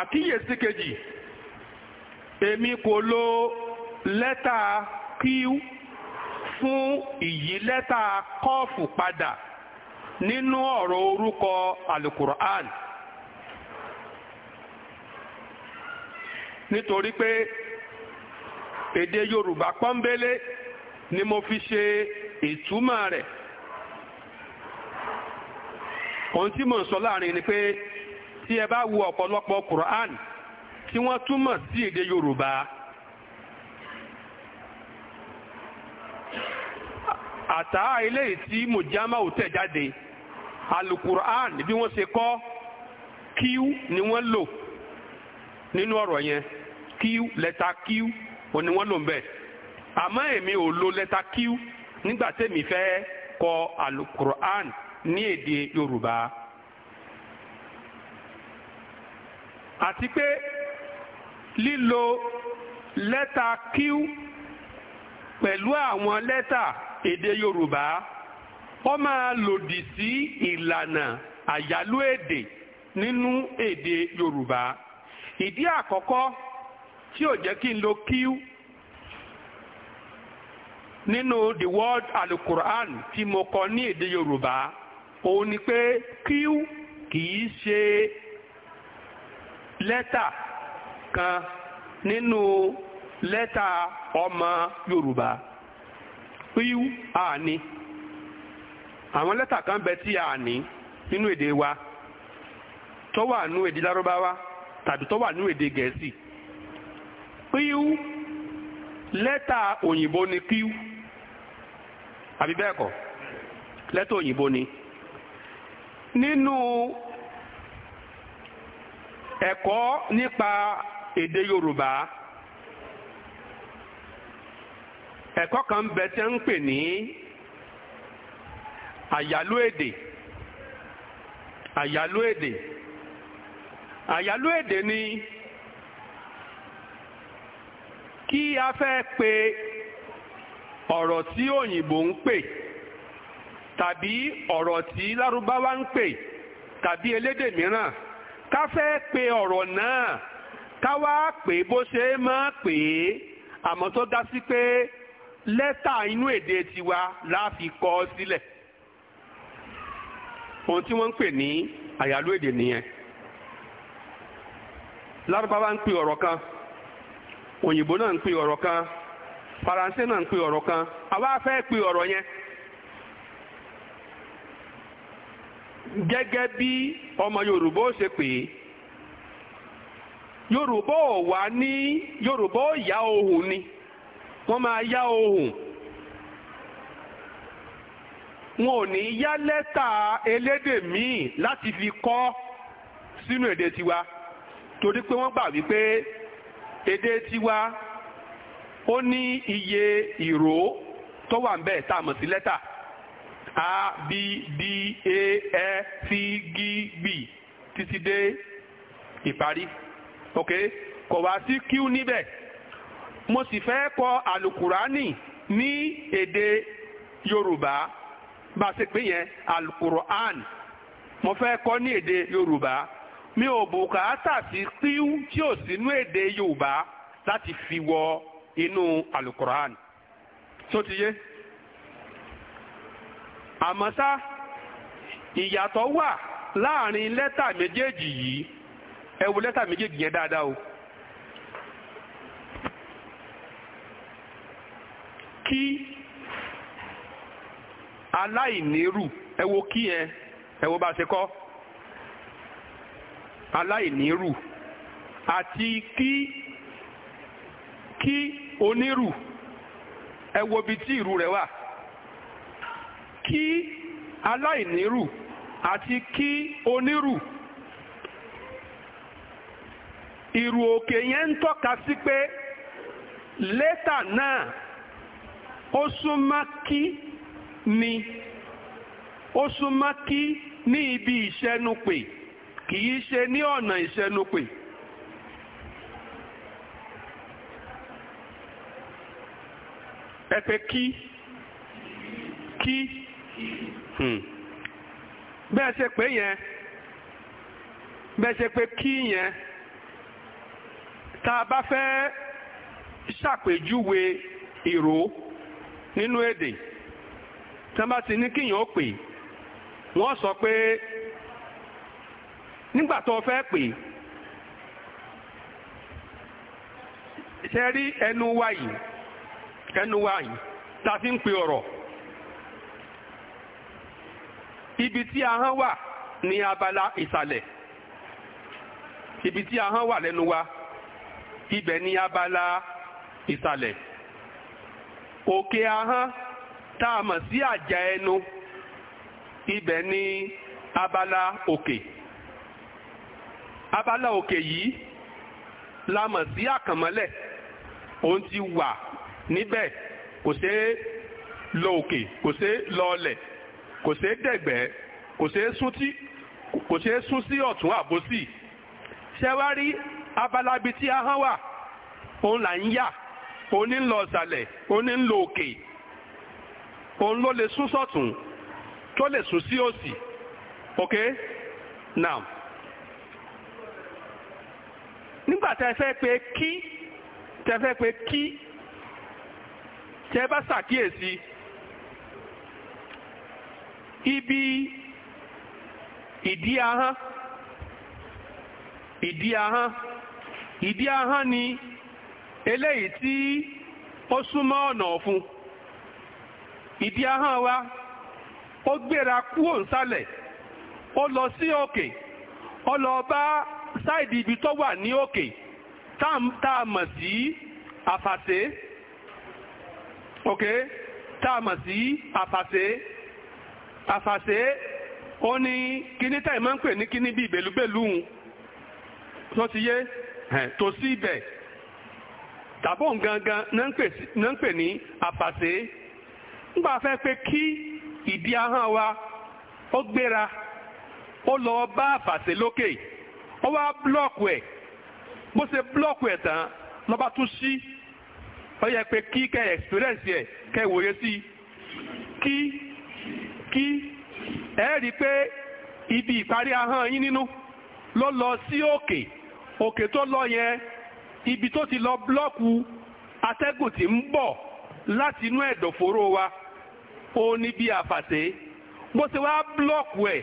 àkíyèsí kejì èmi kò lo lẹ́tà q fún ìyí lẹ́tà kọ́ọ̀fù padà nínú ọ̀rọ̀ orúkọ alukur'an nítorí pé èdè yorùbá pọ́nbélé ni mo fi ṣe ìtumọ̀ rẹ̀ ohun tí mò ń sọ láàrin ni pé tí ẹ bá wo ọ̀pọ̀lọpọ̀ Quran tí wọ́n túmọ̀ sí èdè Yorùbá àtàá eléyìí tí mùjámà ò tẹ̀ jáde alukur'an bí wọ́n ṣe kọ́ q ni wọ́n lò nínú ọ̀rọ̀ yẹn q lẹ́tà q ò ní wọ́n lò ń bẹ̀ àmọ́ èmi ò lo lẹ́tà q nígbà tẹ́mi fẹ́ kọ alukur'an ní èdè Yorùbá. àti pé lílo lẹ́tà q pẹ̀lú àwọn lẹ́tà èdè Yorùbá ó máa lòdì sí ìlànà àyálò èdè nínú èdè Yorùbá ìdí àkọ́kọ́ tí ò jẹ́ kí n lo q nínú the word alukur'an tí mo kọ ní èdè Yorùbá òun ni pé q kì í ṣe lẹ́tà kan nínú lẹ́tà ọmọ Yorùbá píú àní àwọn lẹ́tà kan bẹ tí a ní nínú èdè wa tó wà nínú èdè lárúbáwá tàbí tó wà nínú èdè gẹ̀ẹ́sì píú lẹ́tà òyìnbó ni píú àbí bẹ́ẹ̀ kọ́ lẹ́tà òyìnbó ni nínú ẹ̀kọ́ nípa èdè Yorùbá ẹ̀kọ́ kan bẹ tẹ́ ń pè ní àyálò èdè àyálò èdè àyálò èdè ni kí a fẹ́ pe ọ̀rọ̀ tí òyìnbó ń pè tàbí ọ̀rọ̀ tí lárúbáwá ń pè tàbí elédè mìíràn ká fẹ́ pe ọ̀rọ̀ náà ká wá bó ṣe máa pè é àmọ́ tó dá sí pé lẹ́tà inú èdè tiwa la fi kọ ọ sílẹ̀ ohun tí wọ́n ń pè ní àyálò èdè nìyẹn lárúbáwá ń pè ọ̀rọ̀ kan òyìnbó náà ń pè ọ̀rọ̀ kan faransé náà ń pè ọ̀rọ̀ kan àwa fẹ́ pè ọ̀rọ̀ yẹn gẹ́gẹ́ bí ọmọ yorùbá ó ṣe pè é yorùbá ò wá ní yorùbá ò yá ohùn ni wọ́n máa yá ohùn wọn ò ní yá lẹ́tà elédè míì láti fi kọ́ sínú èdè tiwa torí pé wọ́n gbà wípé èdè tiwa ó ní iye ìró tó wà ń bẹ̀ tá a mọ̀ sí lẹ́tà. a b d a ẹ c g b títí dé ìparí ok kò wá sí q níbẹ̀ mo sì fẹ́ kọ alukurani ní èdè yorùbá bá a ṣe pé yẹn alukuran mo fẹ́ kọ ní èdè yorùbá mi ò bùkátà sí q tí ò sínú èdè yorùbá láti fi wọ inú alukuran tó ti yé. àmọ́ ìyàtọ̀ wà láàrin lẹ́tà méjèèjì yìí ẹ lẹ́tà méjèèjì yẹn dáadáa o. kí aláìnírù ẹwọ kí yẹn ẹ wo bá a ṣe kọ́ aláìnírù àti kí kí onírù ẹ bí tí ìrú rẹ̀ wà. kí aláìnírù àti kí onírù ìrù òkè yẹn ń tọ́ka sí pé lẹ́tà náà ó súnmọ́ kí ni ó súnmọ́ kí ní ibi ìṣẹnupè kì í ṣe ní ọ̀nà ìṣẹnupè. ẹ kí kí. Hmm. bẹ́ẹ̀ ṣe pé yẹn bẹ́ẹ̀ ṣe pé kí yẹn tá a bá fẹ́ ṣàpèjúwe ìró nínú èdè tí wọ́n bá ti ní kíyàn ó pè wọ́n sọ pé nígbà tó fẹ́ pè ṣe rí ẹnu wa yìí ẹnu wa yìí tá a fi ń pè ọ̀rọ̀. ibi tí ahọ́n wà ní abala ìsàlẹ̀ ibi tí ahọ́n wà lẹ́nu wa ibẹ̀ ní abala ìsàlẹ̀ òkè ahọ́n tá a mọ̀ sí àjà ẹnu ibẹ̀ ní abala òkè abala òkè yìí la mọ̀ sí àkànmọ́lẹ̀ òun ti wà níbẹ̀ kò ṣeé lọ òkè kò ṣeé lọ ọlẹ̀. kò ṣeé dẹ̀gbẹ́ kò ṣeé sún sún sí ọ̀tún àbòsí ṣe wá rí abalabi tí a hán wà òun là ń yà òun ní ń lọ ọ̀sàlẹ̀ òun ní ń òkè òun ló lè sún sọ̀tún tó lè sún sí òsì ok now nígbà tẹ pé kí tẹ pé kí tẹ bá ṣàkíyèsí. ibi ìdí ahán ìdí ahán ìdí ahán ni eléyìí tí ó súnmọ́ ọ̀nà ọ̀fun ìdí ahán wa ó gbéra kúrò nsálẹ̀, ó lọ sí òkè ó lọ bá sáìdì ibi tó wà ní òkè tá a mọ̀ sí àfàṣe òkè tá a mọ̀ sí àfàṣe. Okay? Afase ó ní kíní táì máa ń pè ní kíní bíi bèlúbèlú ń tó ti yé tó sí ibẹ̀ tàbó gangan náà ń pè ní àfàṣe fẹ́ pé kí ìdí ahọ́n wa ó gbéra ó lọ bá àfàṣe lókè ó wá búlọ́ọ̀kù ẹ̀ bó ṣe búlọ́ọ̀kù ẹ̀ tán lọ́ba tún sí ó yẹ experience kẹ́ ẹ̀ wòye sí kí. kí ẹ rí i pé ibi ìparí ahọ́n yín nínú ló lọ sí òkè òkè tó lọ yẹn ibi tó ti lọ blọ́ọ̀kù atẹ́gùn ti ń bọ̀ láti inú ẹ̀dọ̀fóró wa ó ní bí àfàṣe bó ṣe wá blọ́ọ̀kù ẹ̀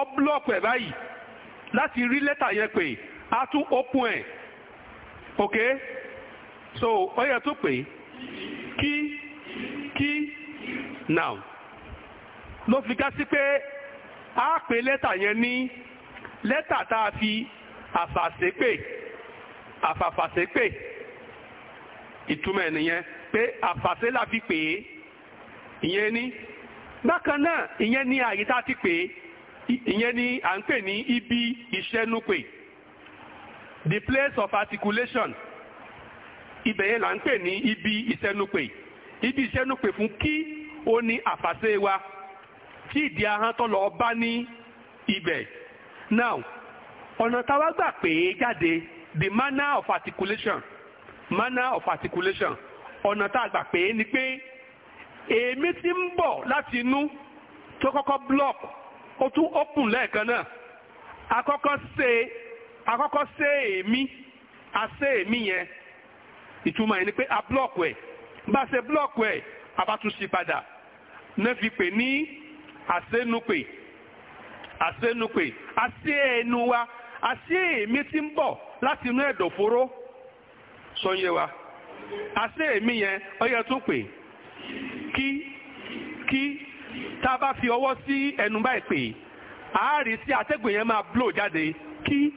ọ blọ́ọ̀kù ẹ̀ báyìí láti rí lẹ́tà yẹn pé a tún open ẹ̀ ok so ó yẹ tó pé kí kí now. ló fi ká pé a pè lẹ́tà yẹn ní lẹ́tà tá a fi àfàṣépè àfàfàṣépè ìtumọ̀ ẹ̀ nìyẹn pé àfàṣé la fi pè é ìyẹn ní bákan náà ìyẹn ní àyè tá a ti pè é ìyẹn ní à ń pè ní ibi ìṣẹ́nupè the place of articulation ibẹ̀ yẹn là ń pè ní ibi ìṣẹ́nupè ibi ìṣẹ́nupè fún kí ó ní àfàṣé wa tí ìdí ahọ́n tó lọ bá ní ibẹ̀. now ọ̀nà táwa gbà pé jáde the manner of articulation manner of articulation ọ̀nà tá a gbà pé ni pé èémí tí ń bọ̀ láti inú tó kọ́kọ́ block ó tún open lẹ́ẹ̀kan náà akọ́kọ́ ṣe akọ́kọ́ ṣe èémí a ṣe èémí yẹn ìtumọ̀ yẹn ni pé a block ẹ̀ bá a ṣe block ẹ̀ a bá tún ṣí padà náà fi pè ní asenu asenukpe asenu enu wa ase emi ti n bɔ lati nu ɛdɔforo sɔnyɛ wa ase emi yɛ ɔyɛ tó pe ki ki ta ba fi ɔwɔ si ɛnu ba yi pe aari si atɛgbe yɛ ma blo jade ki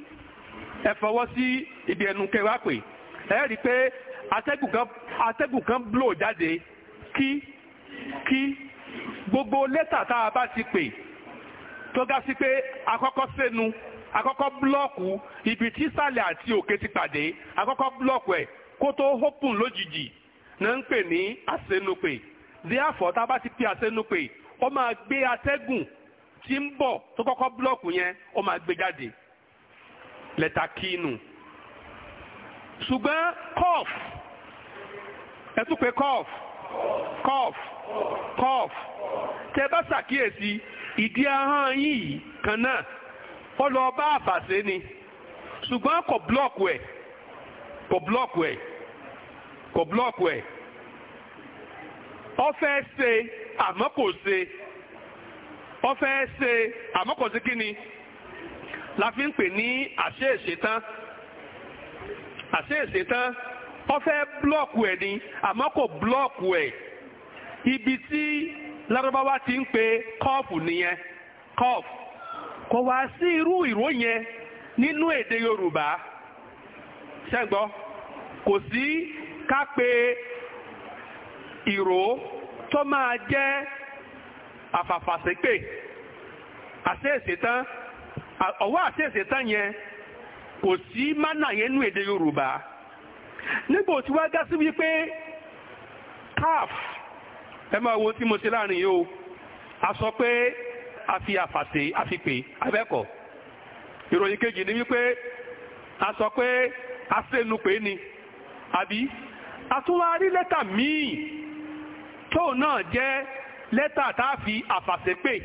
ɛfɔwɔ si ibi ɛnu kɛ pe ɛyɛri pe atɛgbe kan jade ki ki. gbogbo lẹ́tà tá a bá ti pè tó ga sí pé akọ́kọ́ sẹ́nu akọ́kọ́ búlọ́ọ̀kù ibi tí sàlẹ̀ àti òkè ti pàdé akọ́kọ́ búlọ́ọ̀kù ẹ̀ kó tó hópùn lójijì náà ń pè ní àsẹnupè díàfọ̀ tá a bá ti pè àsẹnupè ó máa gbé atẹ́gùn tí ń bọ̀ tó kọ́kọ́ búlọ́ọ̀kù yẹn ó máa gbé jáde lẹ́tà kínu ṣùgbọ́n kọ́ọ̀f ẹ tún pè kọ́ọ̀f cough cough tẹ bá ṣàkíyèsí ìdí ahọ́n yìí kan náà ó lọ bá àbàṣe ni ṣùgbọ́n kò blọ́ọ̀kù ẹ̀ kò blọ́ọ̀kù ẹ̀ kò blọ́ọ̀kù ẹ̀ ó fẹ́ ṣe àmọ́ kò ṣe ó fẹ́ ṣe àmọ́ kò ṣe kí ni la fi ń pè ní àṣẹ ìṣetán àṣẹ ìṣetán. ó blọọkụ ẹ ni àmọ́ kò ibi tí ti ń pe kọ́ọ̀fù nìyẹn kọ́ọ̀fù kò wá sí irú ìró yẹn nínú èdè yorùbá ṣẹ́gbọ́ kò sí ká pe ìró tó máa jẹ́ àfàfàṣépè tán tán yẹn kò sí nígbò tí wá gá sí wípé caf ẹ máa wo tí mo ṣe láàrin yìí a sọ pé a fi àfàṣe a fi pè abẹ́kọ̀ ìròyìn kejì ni wípé a sọ pé a sẹ́nu pé ni àbí a tún wá rí lẹ́tà míì tóun náà jẹ́ lẹ́tà tá a fi àfàṣe pè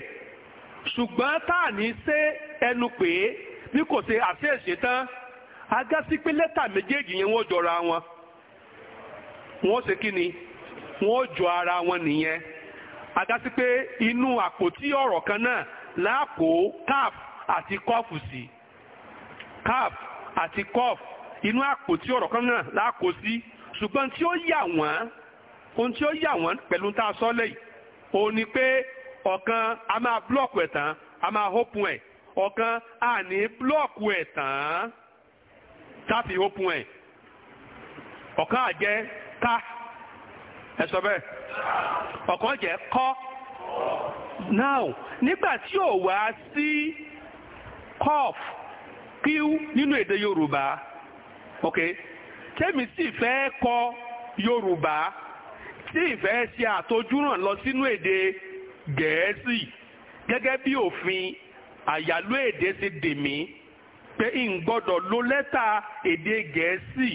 ṣùgbọ́n tá a ní ṣe ẹnu pé bí kò ṣe àṣeṣe tán aga sí pé lẹ́tà méjèèjì yẹn wọ́n jọra wọn wọ́n ṣe kí ni wọ́n jọ ara wọn nìyẹn aga sí pé inú àpótí ọ̀rọ̀ kan náà láàkó cap àti cough sí cap àti cough inú àpótí ọ̀rọ̀ kan náà láàkó sí ṣùgbọ́n tí ó yà wọ́n ohun tí ó yà wọ́n pẹ̀lú tá a sọ lẹ́yìn òun ni pé ọ̀kan a máa búlọ̀kù ẹ̀ tán a máa hópin ẹ̀ ọ̀kan a ní búlọ̀kù ẹ̀ tán káfí ópin ẹ̀ ọ̀kan àjẹ́ ká ẹ sọ bẹ́ẹ̀ ọ̀kan jẹ́ kọ́ now nígbà tí ò wá sí cough q nínú èdè yorùbá ok tẹ́mi sì fẹ́ kọ yorùbá tí ìfẹ́ ṣe àtọjúràn lọ sínú èdè gẹ̀ẹ́sì gẹ́gẹ́ bí òfin àyálò èdè ṣe dè mí. pé n gbọ́dọ̀ lo lẹ́tà èdè gẹ̀ẹ́sì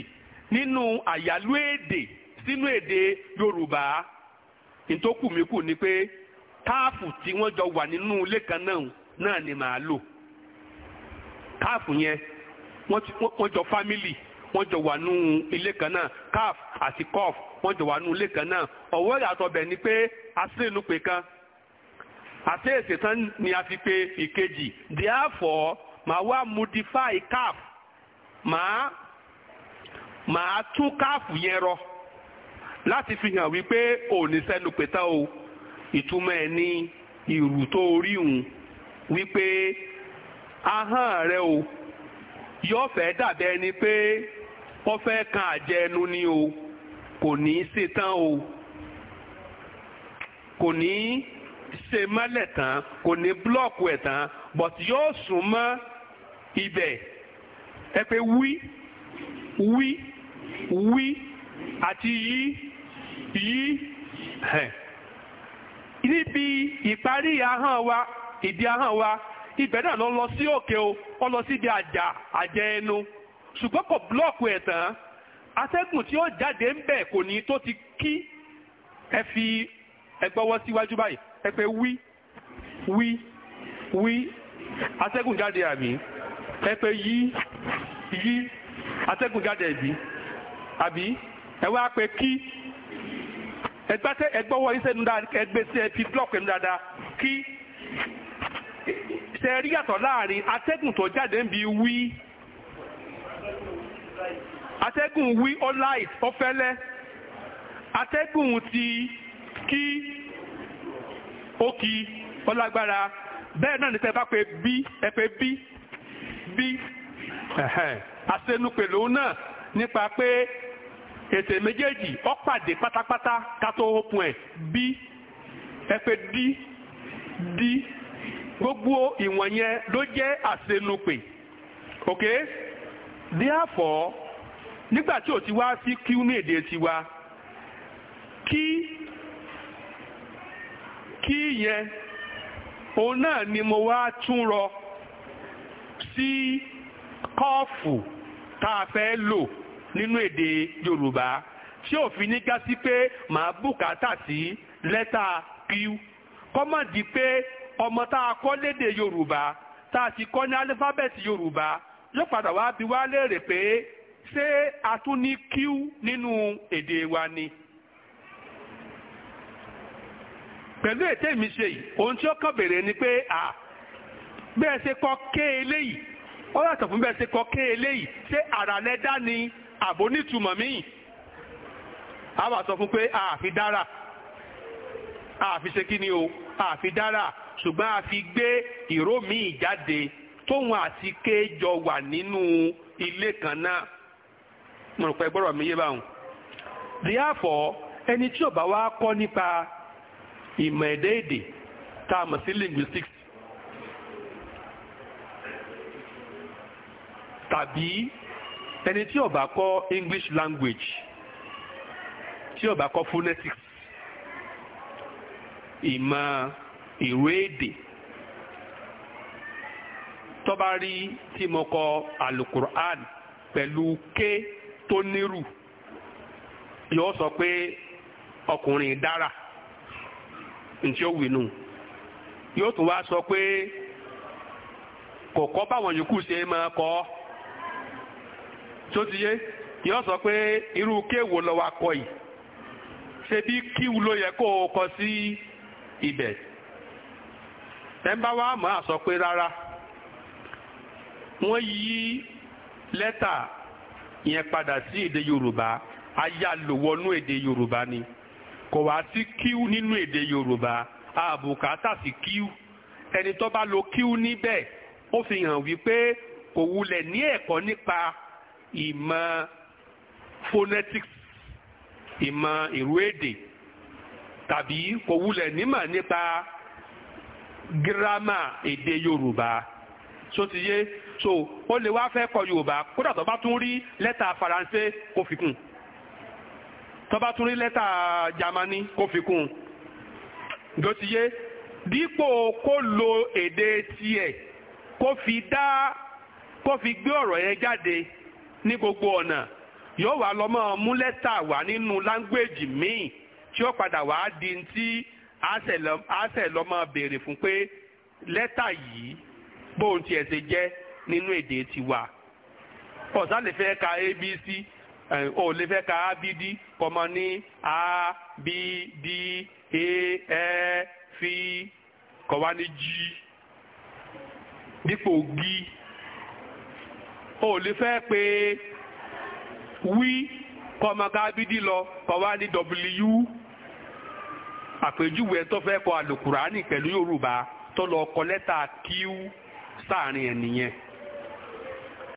nínú àyálò èdè sínú èdè yorùbá ìtókùmíkù ni pé káàfù tí wọ́n jọ wà nínú ilé kan náà náà ni màá lò káàfù yẹn wọ́n jọ fámìlì wọ́n jọ wà nínú ilé kan náà káàf àti kọ́f wọ́n jọ wà nínú ilé kan náà ọ̀wọ́ ìyàtọ̀ bẹ̀ ni pé asínú pé kan àti èsì tán ni a fi pe ìkejì díàfọ́ màá wá modify calf màá màá tún calf yẹn rọ láti fi hàn wípé òní sẹ́nu pẹ̀tà o ìtumọ̀ ẹ̀ ní ìrù tó rí hùn wípé ahọ́n rẹ o yóò fẹ́ dàbí ẹni pé ó fẹ́ kan àjẹ ni o kò ní í ṣe tán o kò ní í ṣe mọ́lẹ̀ tán kò ní búlọ́ọ̀kù ẹ̀ tán but yóò sún mọ́ ibẹ̀ ẹ pé wí wí wí àti yí yí níbi ìparí ahọ́n wa ìdí ahọ́n wa ibẹ̀ náà ló lọ sí òkè o ó lọ síbi àjà àjẹ ẹnu ṣùgbọ́n kò búlọ́ọ̀kù ẹ̀ tán atẹ́gùn tí ó jáde ń bẹ̀ kò ní tó ti kí ẹ fi ẹgbọ́wọ́ síwájú báyìí ẹ pé wí wí wí atẹ́gùn jáde àmì ẹ pé yí yí atẹ́gùn jáde ẹ̀bí àbí ẹ wá pé kí ẹgbàtẹ ẹgbọ́wọ́ yín sẹ́nu dáadáa ẹgbẹ́ sí ẹbí blọọkì ẹnu dáadáa kí ṣe rí yàtọ̀ láàrin atẹ́gùn tó jáde ń bi wí atẹ́gùn wí ó láì ó fẹ́lẹ́ atẹ́gùn ti kí ó kí ó lágbára bẹ́ẹ̀ náà ní sẹ́ bá pé bí ẹ pé bí bí àṣẹnupèlò náà nípa pé ètè méjèèjì ó pàdé pátápátá ká tó òpin ẹ̀ bí ẹ pé dí dí gbogbo ìwọ̀n yẹn ló jẹ́ àṣẹnupè ok therefore nígbà tí o ti wá sí q ní èdè tiwa kí kí yẹn òun náà ni mo wá tún rọ sí kọ́ọ̀fù tá a fẹ́ lò nínú èdè Yorùbá tí òfin ní ká sí pé màá bùkátà sí lẹ́tà q kọ́mọ̀dì pé ọmọ tá a kọ́ lédè Yorùbá tá a sì kọ́ ní alifábẹ́ẹ̀tì Yorùbá yóò padà wá bí wá léèrè pé ṣé a tún ní q nínú èdè wa ni. pẹ̀lú ètè mi ṣe yìí ohun tí ó kàn béèrè ni pé a. Ah, bẹ́ẹ̀ ṣe kọ́ ké eléyìí ó yàtọ̀ fún bẹ́ẹ̀ ṣe kọ́ ké eléyìí ṣé ara lẹ́dá ni àbò nítumọ̀ míì a wà sọ fún pé àfi dára àfi ṣe kí ni o àfi dára ṣùgbọ́n a fi gbé ìró míì jáde tóun àti ké jọ wà nínú ilé kan náà mo rò pé gbọ́dọ̀ mi yé báwọn. therefore ẹni tí ó bá wá kọ́ nípa ìmọ̀ ẹ̀dẹ́ èdè tá a mọ̀ sí linguistics tàbí ẹni tí ó bá English language tí ọba bá phonetics ìmọ̀ ìwé èdè tó rí tí mo kọ alukur'an pẹ̀lú ké tó nírù yóò sọ pé ọkùnrin dára ntí ó wí nù yóò tún wá sọ pé kò kọ́ báwọn yòókù ṣe máa kọ́ ọ́. tó ti yé yóò sọ pé irú kéwò lọ wa kọ yìí ṣe bí kíwù ló yẹ kó o kọ sí ibẹ̀ ẹ bá wa mọ̀ àsọ pé rárá wọ́n yí lẹ́tà yẹn padà sí èdè Yorùbá ayálòwọ́nú èdè Yorùbá ni kò wá sí kíwù nínú èdè Yorùbá àbùkátà sí kíwù ẹni tó bá lo kíwù níbẹ̀ ó fi hàn wípé kò wulẹ̀ ní ẹ̀kọ́ nípa ìmọ̀ phonetics ìmọ̀ ìrú èdè tàbí kò wulẹ̀ nímọ̀ nípa gírámà èdè Yorùbá so ti yé so ó lè wá fẹ́ kọ Yorùbá kódà tó bá tún rí lẹ́tà Faransé kó fi kún tó bá tún rí lẹ́tà Jámánì kó fi kún tó ti yé dípò kó lo èdè tiẹ̀ kó fi dá kó fi gbé ọ̀rọ̀ yẹn jáde ní gbogbo ọ̀nà yóò wá lọ mọ́ mú lẹ́tà wá nínú láńgbèjì míì tí ó padà wá di tí àṣẹ lọ́mọ béèrè fún pé lẹ́tà yìí bóun tiẹ̀ ṣe jẹ́ nínú èdè tiwa ọ̀sá lè fẹ́ ka abc ò lè fẹ́ ka abd kọmọ ní abd aef kọ̀wá ní g dípò g o lè fẹ́ pé wí kọmọgábídí lọ kọwá ní w àpèjúwe tó fẹ́ kọ àlùkùránì pẹ̀lú yorùbá tó lọ kọ lẹ́tà q sáàrin ẹ̀ nìyẹn.